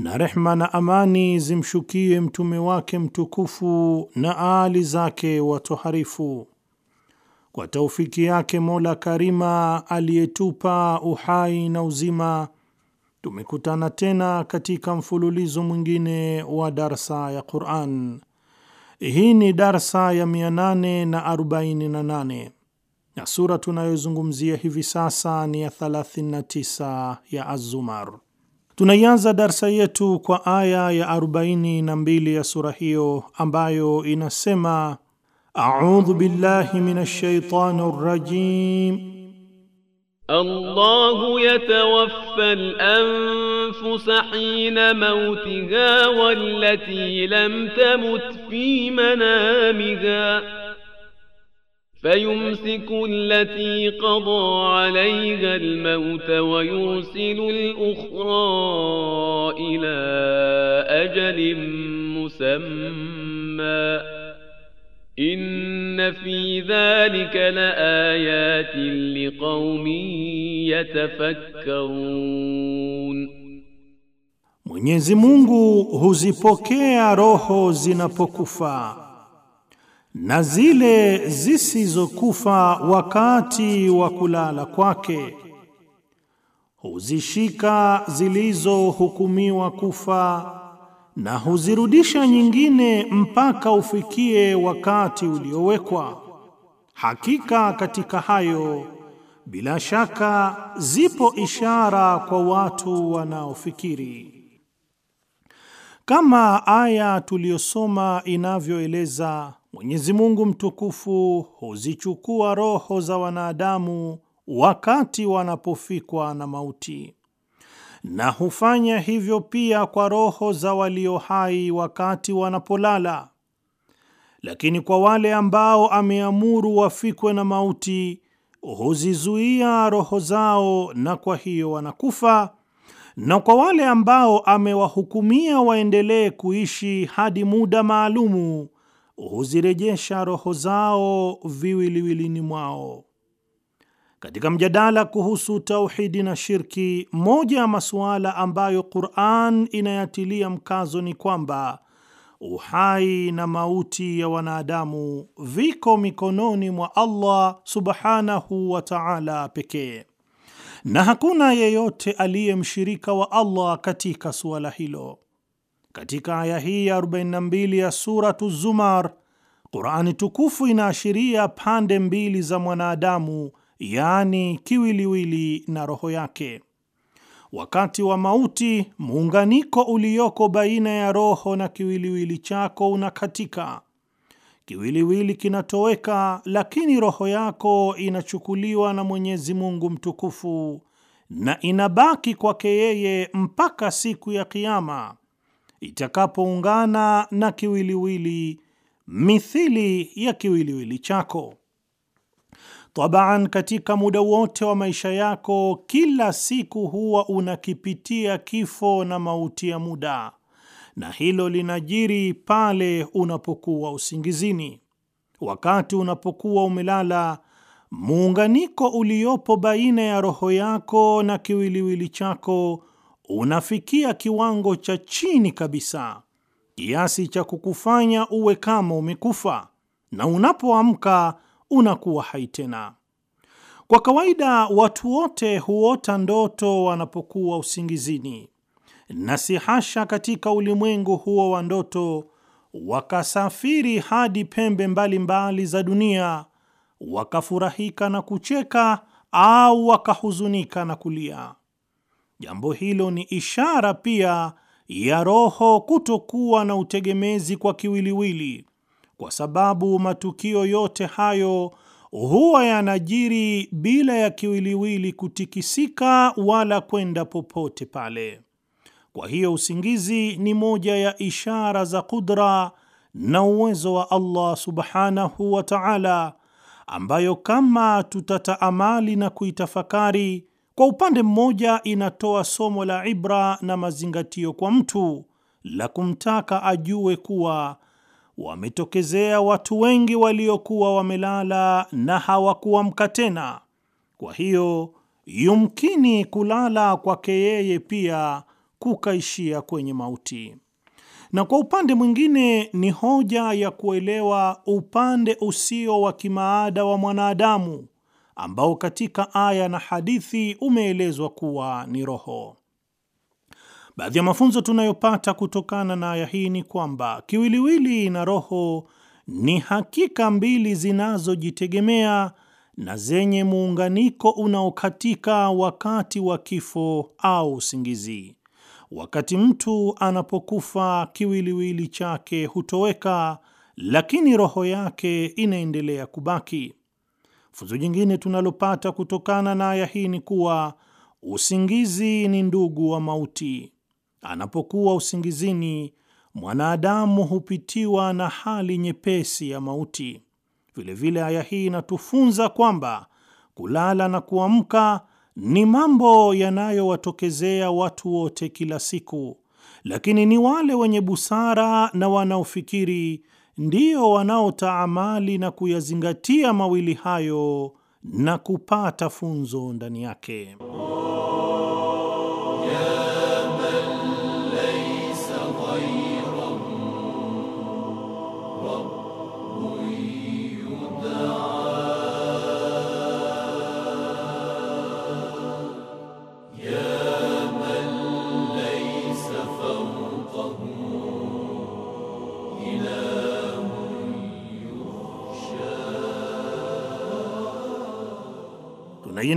na rehma na amani zimshukie mtume wake mtukufu na aali zake watoharifu. Kwa taufiki yake Mola Karima aliyetupa uhai na uzima, tumekutana tena katika mfululizo mwingine wa darsa ya Quran. Hii ni darsa ya 848 na sura tunayozungumzia hivi sasa ni ya 39 ya az Tunaianza darsa yetu kwa aya ya 42 ya sura hiyo ambayo inasema: audhu billahi minash shaitani rajim Allahu yatawaffa al-anfusa hina mautiha wallati lam tamut fi manamiha فيمسك التي قضى عليها الموت ويرسل الأخرى إلى أجل مسمى إن في ذلك لآيات لقوم يتفكرون Mwenyezi Mungu huzipokea roho zinapokufa na zile zisizokufa wakati wa kulala kwake, huzishika zilizohukumiwa kufa na huzirudisha nyingine mpaka ufikie wakati uliowekwa. Hakika katika hayo bila shaka zipo ishara kwa watu wanaofikiri. Kama aya tuliyosoma inavyoeleza, Mwenyezi Mungu mtukufu huzichukua roho za wanadamu wakati wanapofikwa na mauti, na hufanya hivyo pia kwa roho za walio hai wakati wanapolala. Lakini kwa wale ambao ameamuru wafikwe na mauti, huzizuia roho zao, na kwa hiyo wanakufa na kwa wale ambao amewahukumia waendelee kuishi hadi muda maalumu huzirejesha roho zao viwiliwilini mwao. Katika mjadala kuhusu tauhidi na shirki, moja ya masuala ambayo Qur'an inayatilia mkazo ni kwamba uhai na mauti ya wanadamu viko mikononi mwa Allah subhanahu wa ta'ala pekee na hakuna yeyote aliye mshirika wa Allah katika suala hilo. Katika aya hii ya 42 ya Suratu Zumar, Qurani tukufu inaashiria pande mbili za mwanadamu, yaani kiwiliwili na roho yake. Wakati wa mauti, muunganiko ulioko baina ya roho na kiwiliwili chako unakatika kiwiliwili kinatoweka, lakini roho yako inachukuliwa na Mwenyezi Mungu mtukufu na inabaki kwake yeye mpaka siku ya Kiama itakapoungana na kiwiliwili mithili ya kiwiliwili chako. Tabaan, katika muda wote wa maisha yako, kila siku huwa unakipitia kifo na mauti ya muda na hilo linajiri pale unapokuwa usingizini. Wakati unapokuwa umelala, muunganiko uliopo baina ya roho yako na kiwiliwili chako unafikia kiwango cha chini kabisa kiasi cha kukufanya uwe kama umekufa, na unapoamka unakuwa hai tena. Kwa kawaida watu wote huota ndoto wanapokuwa usingizini, na si hasha katika ulimwengu huo wa ndoto, wakasafiri hadi pembe mbalimbali mbali za dunia, wakafurahika na kucheka au wakahuzunika na kulia. Jambo hilo ni ishara pia ya roho kutokuwa na utegemezi kwa kiwiliwili, kwa sababu matukio yote hayo huwa yanajiri bila ya kiwiliwili kutikisika wala kwenda popote pale. Kwa hiyo usingizi ni moja ya ishara za kudra na uwezo wa Allah subhanahu wa ta'ala, ambayo kama tutataamali na kuitafakari, kwa upande mmoja inatoa somo la ibra na mazingatio kwa mtu la kumtaka ajue kuwa wametokezea watu wengi waliokuwa wamelala na hawakuamka tena. Kwa hiyo yumkini kulala kwake yeye pia kukaishia kwenye mauti. Na kwa upande mwingine ni hoja ya kuelewa upande usio wa kimaada wa mwanadamu ambao katika aya na hadithi umeelezwa kuwa ni roho. Baadhi ya mafunzo tunayopata kutokana na aya hii ni kwamba kiwiliwili na roho ni hakika mbili zinazojitegemea na zenye muunganiko unaokatika wakati wa kifo au usingizi. Wakati mtu anapokufa kiwiliwili chake hutoweka, lakini roho yake inaendelea kubaki. Funzo jingine tunalopata kutokana na aya hii ni kuwa usingizi ni ndugu wa mauti. Anapokuwa usingizini, mwanadamu hupitiwa na hali nyepesi ya mauti. Vilevile aya hii inatufunza kwamba kulala na kuamka ni mambo yanayowatokezea watu wote kila siku, lakini ni wale wenye busara na wanaofikiri ndio wanaotaamali na kuyazingatia mawili hayo na kupata funzo ndani yake. Oh, yeah.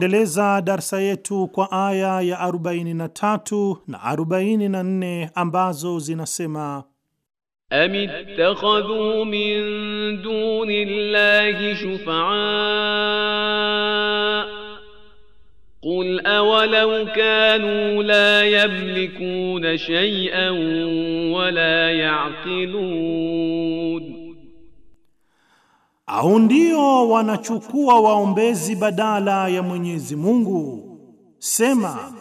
Tunaendeleza darsa yetu kwa aya ya 43 na 44 ambazo zinasema: am ittakhadhu min duni Allahi shufaa qul awalau kanu la yamlikuna shay'an wa la yaqilun au ndio wanachukua waombezi badala ya Mwenyezi Mungu? Sema,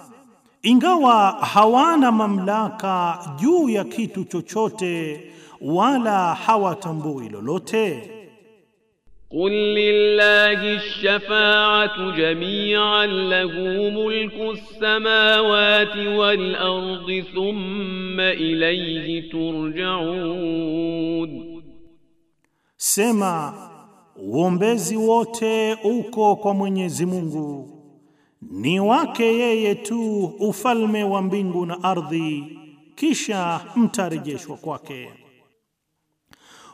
ingawa hawana mamlaka juu ya kitu chochote wala hawatambui lolote. Qul lillahi ash-shafa'atu jami'an lahu mulku as-samawati wal ardi thumma ilayhi turja'un. Sema uombezi wote uko kwa Mwenyezi Mungu, ni wake yeye tu ufalme wa mbingu na ardhi, kisha mtarejeshwa kwake.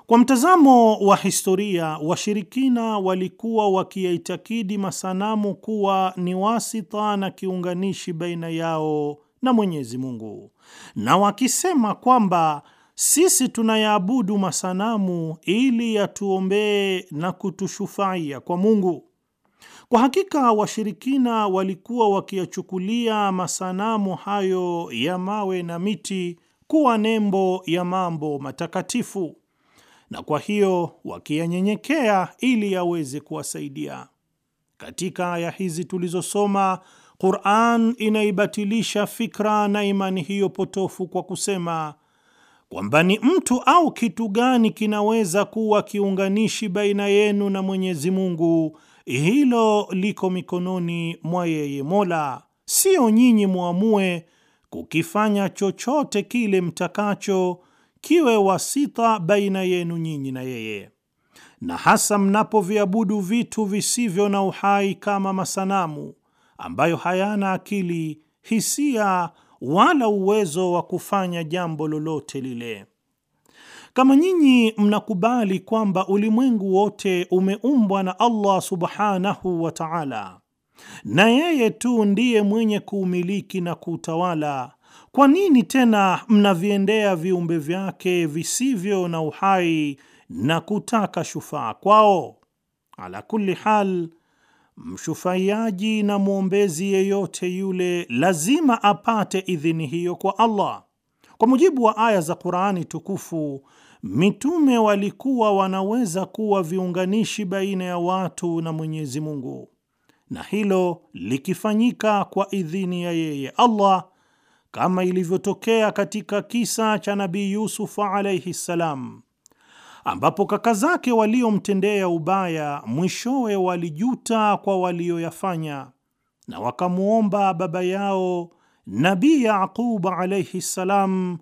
Kwa mtazamo wa historia, washirikina walikuwa wakiyaitakidi masanamu kuwa ni wasita na kiunganishi baina yao na Mwenyezi Mungu, na wakisema kwamba sisi tunayaabudu masanamu ili yatuombee na kutushufaia kwa Mungu. Kwa hakika washirikina walikuwa wakiyachukulia masanamu hayo ya mawe na miti kuwa nembo ya mambo matakatifu, na kwa hiyo wakiyanyenyekea ili yaweze kuwasaidia. Katika aya hizi tulizosoma, Qur'an inaibatilisha fikra na imani hiyo potofu kwa kusema kwamba ni mtu au kitu gani kinaweza kuwa kiunganishi baina yenu na Mwenyezi Mungu, hilo liko mikononi mwa yeye Mola, siyo nyinyi mwamue kukifanya chochote kile mtakacho kiwe wasita baina yenu nyinyi na yeye, na hasa mnapoviabudu vitu visivyo na uhai kama masanamu ambayo hayana akili, hisia wala uwezo wa kufanya jambo lolote lile. Kama nyinyi mnakubali kwamba ulimwengu wote umeumbwa na Allah subhanahu wa ta'ala, na yeye tu ndiye mwenye kuumiliki na kuutawala, kwa nini tena mnaviendea viumbe vyake visivyo na uhai na kutaka shufaa kwao? Ala kulli hal mshufaiaji na mwombezi yeyote yule lazima apate idhini hiyo kwa Allah. Kwa mujibu wa aya za Qur'ani tukufu, mitume walikuwa wanaweza kuwa viunganishi baina ya watu na Mwenyezi Mungu, na hilo likifanyika kwa idhini ya yeye Allah, kama ilivyotokea katika kisa cha Nabii Yusuf alaihi ssalam ambapo kaka zake waliomtendea ubaya mwishowe walijuta kwa walioyafanya na wakamwomba baba yao Nabii Yaqub alaihi ssalam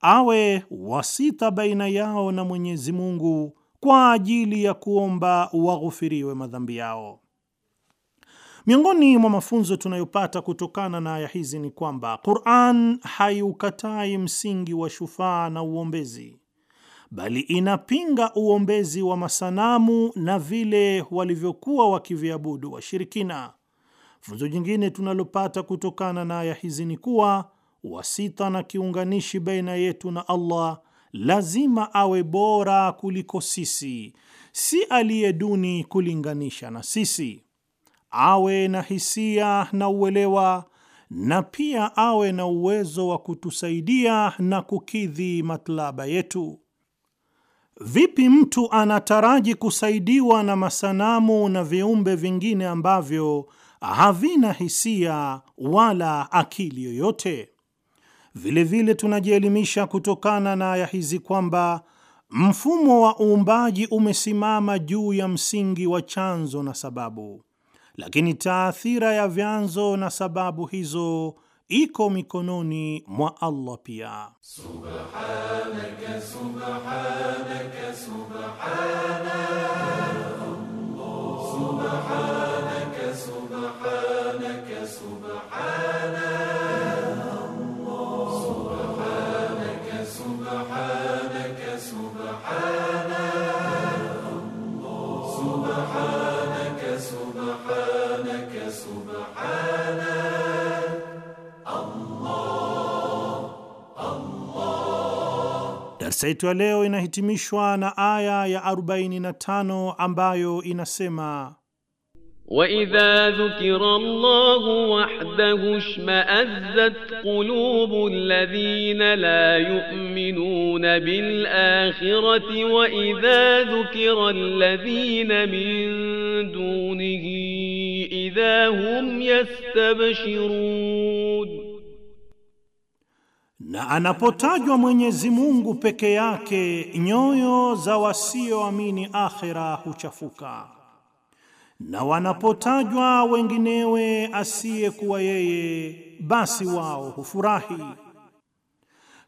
awe wasita baina yao na Mwenyezi Mungu kwa ajili ya kuomba waghufiriwe madhambi yao. Miongoni mwa mafunzo tunayopata kutokana na aya hizi ni kwamba Quran haiukatai msingi wa shufaa na uombezi bali inapinga uombezi wa masanamu na vile walivyokuwa wakiviabudu washirikina. Funzo jingine tunalopata kutokana na aya hizi ni kuwa wasita na kiunganishi baina yetu na Allah lazima awe bora kuliko sisi, si aliye duni kulinganisha na sisi. Awe na hisia na uelewa, na pia awe na uwezo wa kutusaidia na kukidhi matlaba yetu. Vipi mtu anataraji kusaidiwa na masanamu na viumbe vingine ambavyo havina hisia wala akili yoyote? Vilevile tunajielimisha kutokana na aya hizi kwamba mfumo wa uumbaji umesimama juu ya msingi wa chanzo na sababu, lakini taathira ya vyanzo na sababu hizo iko mikononi mwa Allah pia Subhan Darsa yetu ya leo inahitimishwa na aya ya 45 ambayo inasema waidha dhukira llahu wahdahu shmaazzat qulubu alladhina la yu'minuna bil akhirati wa idha dhukira alladhina min dunihi idha hum yastabshirun Na anapotajwa Mwenyezi Mungu peke yake, nyoyo za wasioamini akhera huchafuka, na wanapotajwa wenginewe asiyekuwa yeye, basi wao hufurahi.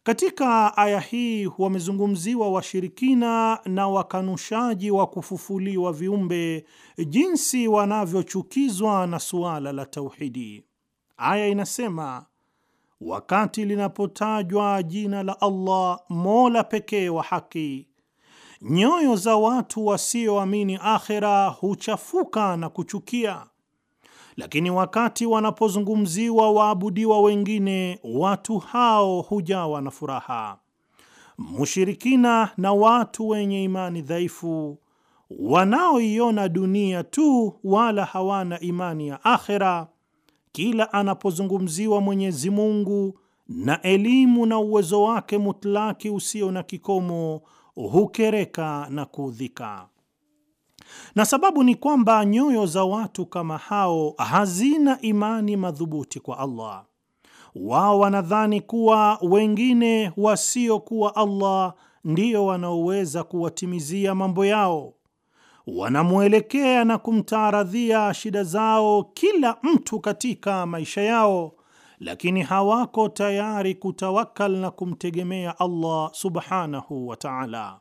Katika aya hii wamezungumziwa washirikina na wakanushaji wa kufufuliwa viumbe, jinsi wanavyochukizwa na suala la tauhidi. Aya inasema wakati linapotajwa jina la Allah, mola pekee wa haki, nyoyo za watu wasioamini akhera huchafuka na kuchukia, lakini wakati wanapozungumziwa waabudiwa wengine, watu hao hujawa na furaha. Mushirikina na watu wenye imani dhaifu wanaoiona dunia tu, wala hawana imani ya akhera kila anapozungumziwa Mwenyezi Mungu na elimu na uwezo wake mutlaki usio na kikomo hukereka na kuudhika. Na sababu ni kwamba nyoyo za watu kama hao hazina imani madhubuti kwa Allah. Wao wanadhani kuwa wengine wasiokuwa Allah ndio wanaoweza kuwatimizia mambo yao wanamwelekea na kumtaaradhia shida zao kila mtu katika maisha yao, lakini hawako tayari kutawakal na kumtegemea Allah subhanahu wa ta'ala.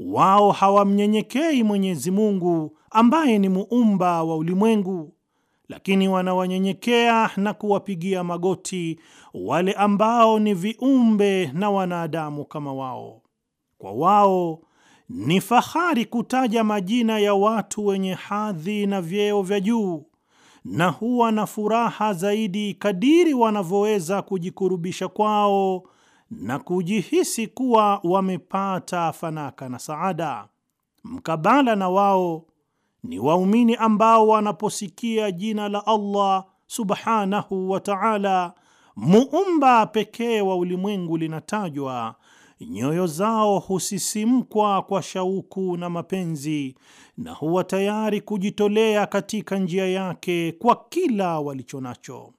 Wao hawamnyenyekei Mwenyezi Mungu ambaye ni muumba wa ulimwengu, lakini wanawanyenyekea na kuwapigia magoti wale ambao ni viumbe na wanadamu kama wao. Kwa wao ni fahari kutaja majina ya watu wenye hadhi na vyeo vya juu, na huwa na furaha zaidi kadiri wanavyoweza kujikurubisha kwao na kujihisi kuwa wamepata fanaka na saada. Mkabala na wao ni waumini ambao wanaposikia jina la Allah subhanahu wa ta'ala, muumba pekee wa ulimwengu linatajwa nyoyo zao husisimkwa kwa shauku na mapenzi na huwa tayari kujitolea katika njia yake kwa kila walicho nacho.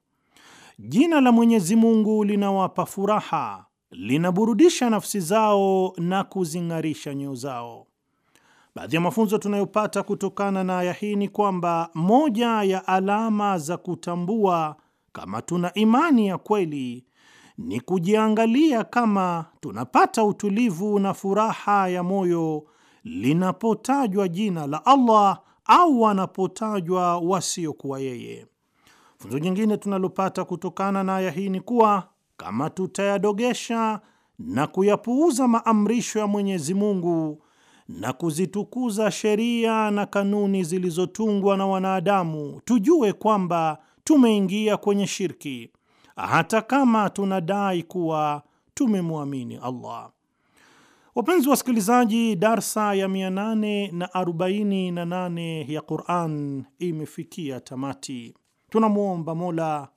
Jina la Mwenyezi Mungu linawapa furaha, linaburudisha nafsi zao na kuzing'arisha nyoyo zao. Baadhi ya mafunzo tunayopata kutokana na aya hii ni kwamba moja ya alama za kutambua kama tuna imani ya kweli ni kujiangalia kama tunapata utulivu na furaha ya moyo linapotajwa jina la Allah au wanapotajwa wasiokuwa yeye. Funzo jingine tunalopata kutokana na aya hii ni kuwa kama tutayadogesha na kuyapuuza maamrisho ya Mwenyezi Mungu na kuzitukuza sheria na kanuni zilizotungwa na wanadamu, tujue kwamba tumeingia kwenye shirki hata kama tunadai kuwa tumemwamini Allah. Wapenzi wasikilizaji, darsa ya 848 na ya Quran imefikia tamati. Tunamwomba Mola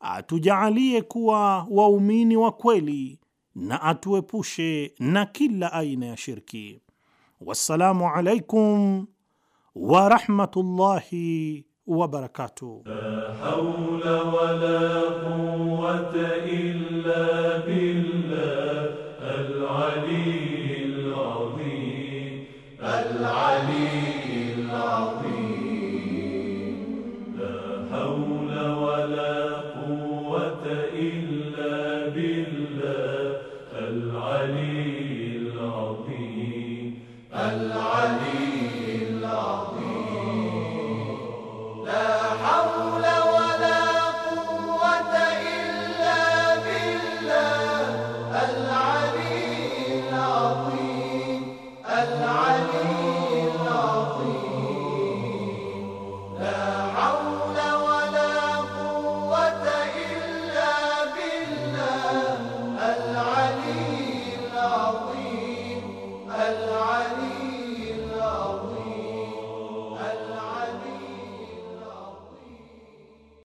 atujaalie kuwa waumini wa kweli na atuepushe na kila aina ya shirki. Wassalamu alaikum warahmatullahi وبركاته لا حول ولا